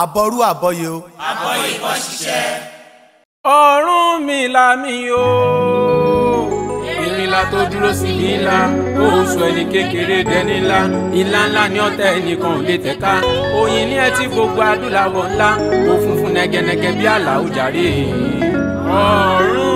àbọrú àbọyè o. àbọ ìbọn ṣiṣẹ́. ọ̀run mi là mí o. ìrìnlá tó dúró sí ní ńlá oṣù ẹni kékeré dẹni ńlá ìlà ńlá ni ọ̀tá ẹnìkan ò lè tẹ̀ka oyin ní ẹ ti gbogbo adúláwọ̀ ńlá òfunfun nẹ́gẹ́nẹ́gẹ́ bí àlà jàre. ọ̀run.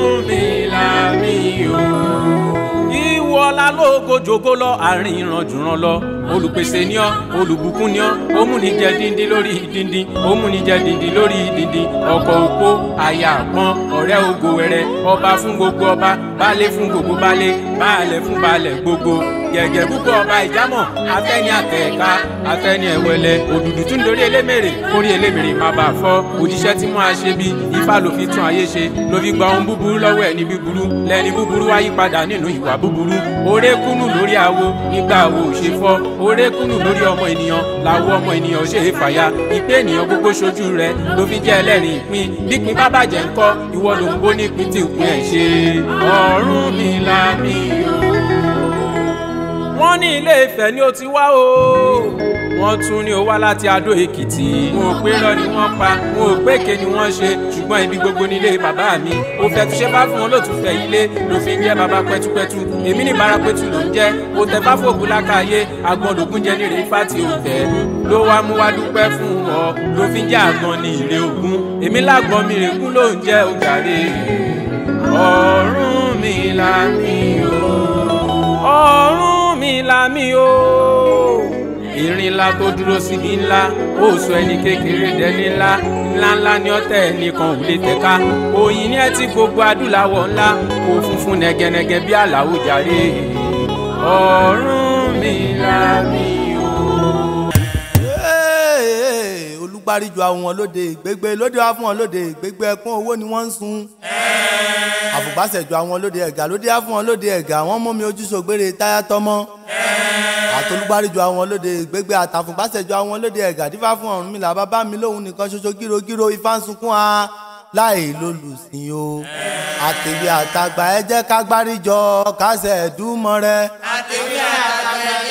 ọlá lóògo jogo lọ àárín ìrànjú ràn lọ olùpèsè ni ọ olùbùkún ni ọ òmùnìjẹ díndín lórí díndín òmùnìjẹ díndín lórí díndín ọkọ òpó àyà àpọn ọ̀rẹ́ ògo wẹrẹ ọba fún gbogbo ọba baálé fún gbogbo baálé baálẹ̀ fún baálẹ̀ gbogbo gẹ̀gẹ̀ púpọ̀ ọba ìjámọ̀ afẹ́ni àtẹ̀ẹ̀ka afẹ́ni ẹ̀wẹ̀lẹ̀ òdùdù tún lórí elémèrè kórí elémèrè má bàa fọ́ òjíṣẹ́ tí mo á ṣe bí ifá ló fi tún ayé ṣe ló fi gba ohun búburú lọ́wọ́ ẹni búburú lẹ́ni búburú wáyé padà nínú ìwà búburú oore kúnnù lórí awo nígbà awo ò ṣe fọ́ oore kúnnù lórí ọmọ ènìyàn làwọ ọmọ ènìyàn ṣe é fàya ìpé ènìyàn gbogbo ṣojú rẹ ló fi jẹ́ ẹlẹ́rìí ìpín bípin bá bàjẹ́ ńkọ́ ìwọ ló ń gbó nípìn tí ìpín ẹ̀ ṣe ọ̀run mi là mí wọ́n ní ilé Ifẹ̀ ni ó ti wá o wọ́n tún ní ó wá láti Adó Èkìtì wọn ò pé rọ ni wọ́n pa wọn ò pé ké ni wọ́n ṣe ṣùgbọ́n ibi gbogbo nílé bàbá mi O fẹ́ túṣẹ́ bá fún wọn ló tún fẹ́ ilé ló fi ń jẹ́ bàbá pẹ́túpẹ́tú èmi ní bara pẹ́tù ló ń jẹ́ ó tẹ bá fòkú lákàyè agbọn lògùn jẹ nírè ifá tí ó tẹ ló wá mú wá dúpẹ́ fún ọ ló fi ń jẹ́ àgbọn ní ìrè ògún èmi lágbọn mi règún ló ń jẹ́ ògàrè ọ̀run mi là ní o mi o. ìrìn ńlá tó dúró síbi ńlá ó sọ ẹni kékeré dẹni ńlá ńláńlá ní ọ̀tẹ̀ nìkan ò lè tẹ̀ka òyìn ní ẹ ti gbogbo adúláwọ̀ ńlá kò funfun nẹgẹnẹgẹ bí aláwọ̀ jàre mi là mí. parijù àwọn wọn lóde ìgbégbé lóde wá fún wọn lóde ìgbégbé ẹkún owó ni wọ́n ń sun. àfùbásẹ̀jọ àwọn lóde ẹ̀gà lóde wá fún wọn lóde ẹ̀gà wọ́n mú mi ojú sògbére táyà tọ́mọ. àtolúgbárijù àwọn lóde ìgbégbé àtàfùbásẹ̀jọ àwọn lóde ẹ̀gà dífá fún Ọ̀rúnmìlà bàbá mi lóhun nìkan ṣoṣo gírogíro ifá ń sunkún a láì lólùsìn o. àtèwé àtàgbà ẹ jẹ́ ká gbáríjọ kásẹ̀ ẹ̀dúmọ̀ rẹ. àtèwé àtàgbà ẹ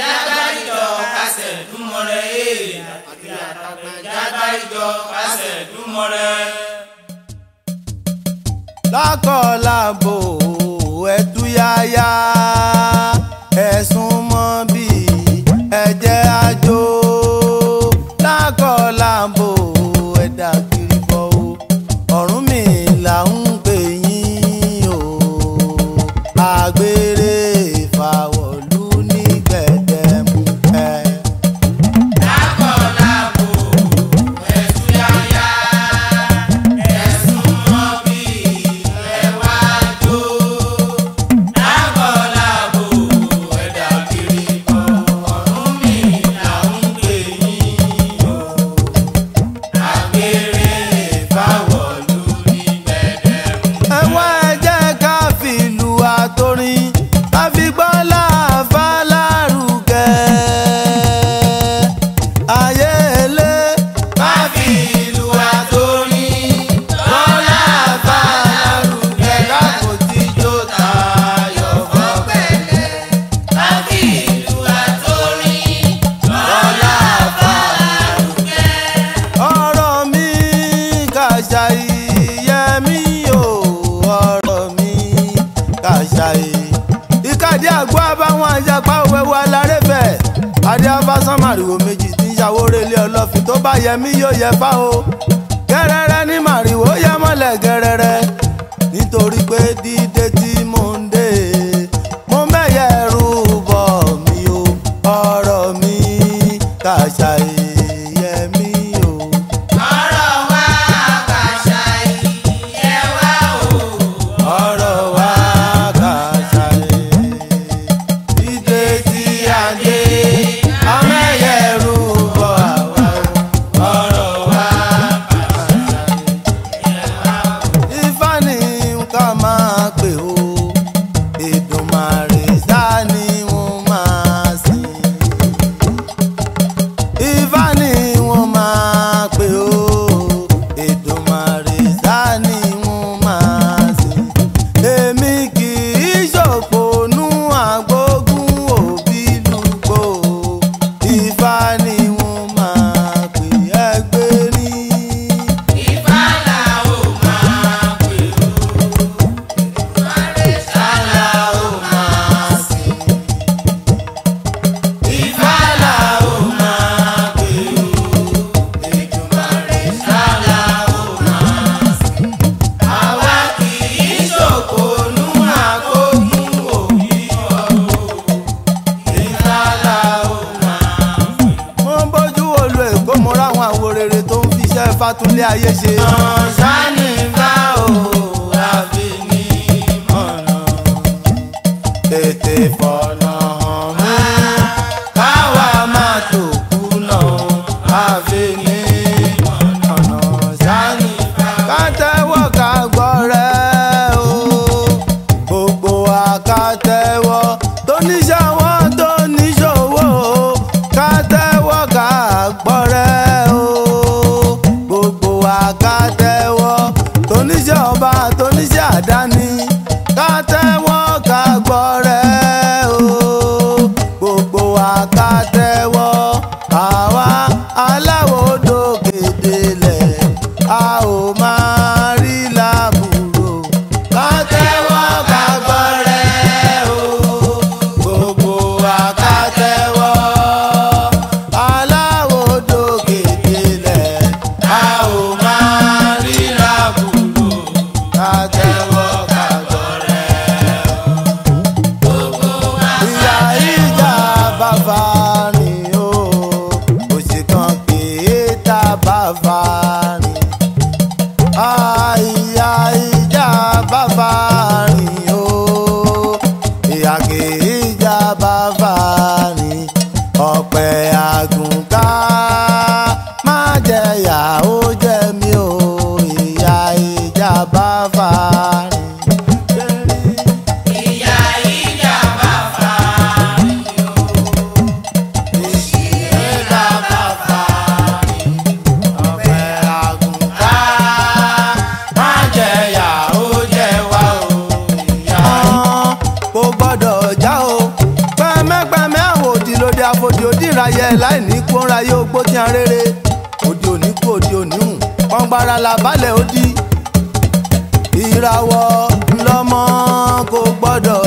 àpèjá táìjọ kásẹ̀ dúmọ́rẹ́. lákọ̀ọ́ làbò ẹ̀dúyáyá. lọ́fì tó bá yẹ mí yóò yẹ fá o gẹ́rẹ́rẹ́ ní màrìwò yẹ mọ́lẹ̀ gẹ́rẹ́rẹ́ nítorí pé dídí. fatunlé ayé ṣe. ọ̀sánì bá o àbí ní ọ̀nà. tètè fọ́. ju òde òníhùn pọ́ngbára làbálẹ̀ ó di ìràwọ̀ lọ́mọ kò gbọ́dọ̀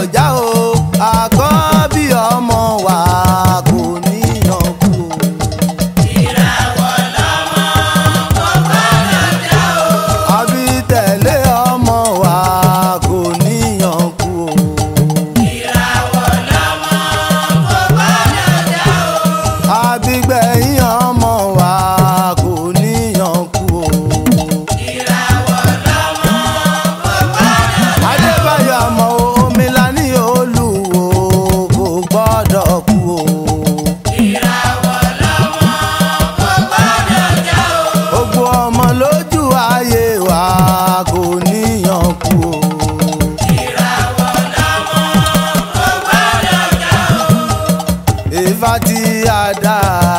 die.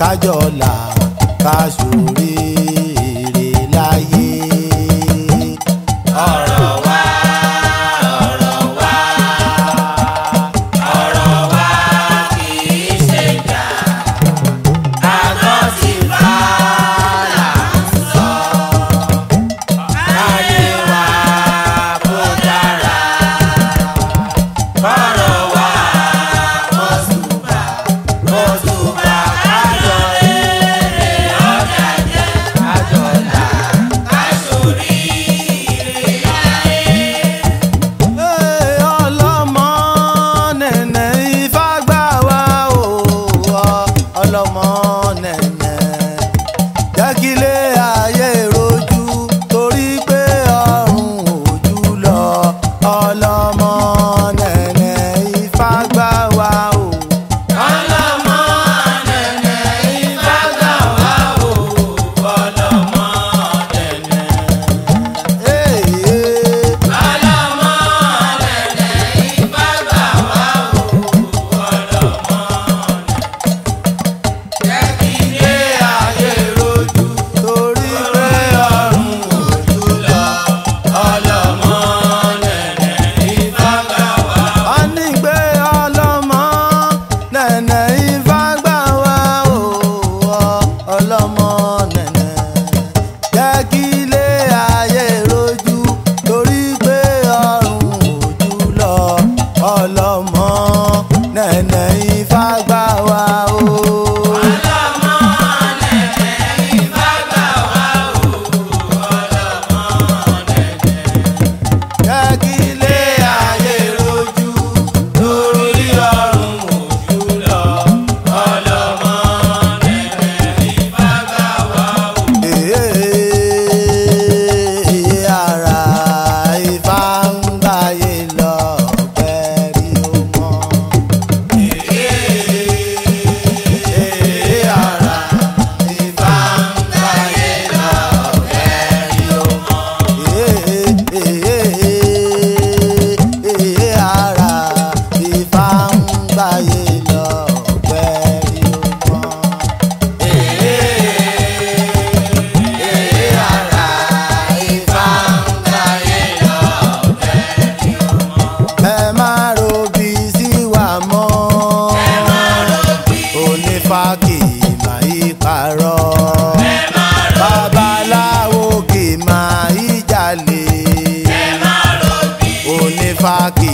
kájọ là vaca